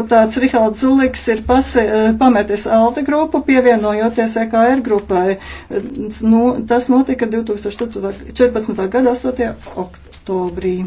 Deputāts Rihalds Zuliks ir pasi, eh, pametis Alde grupu, pievienojoties EKR grupai. Eh, nu, tas notika 2014. gada 8. oktobrī.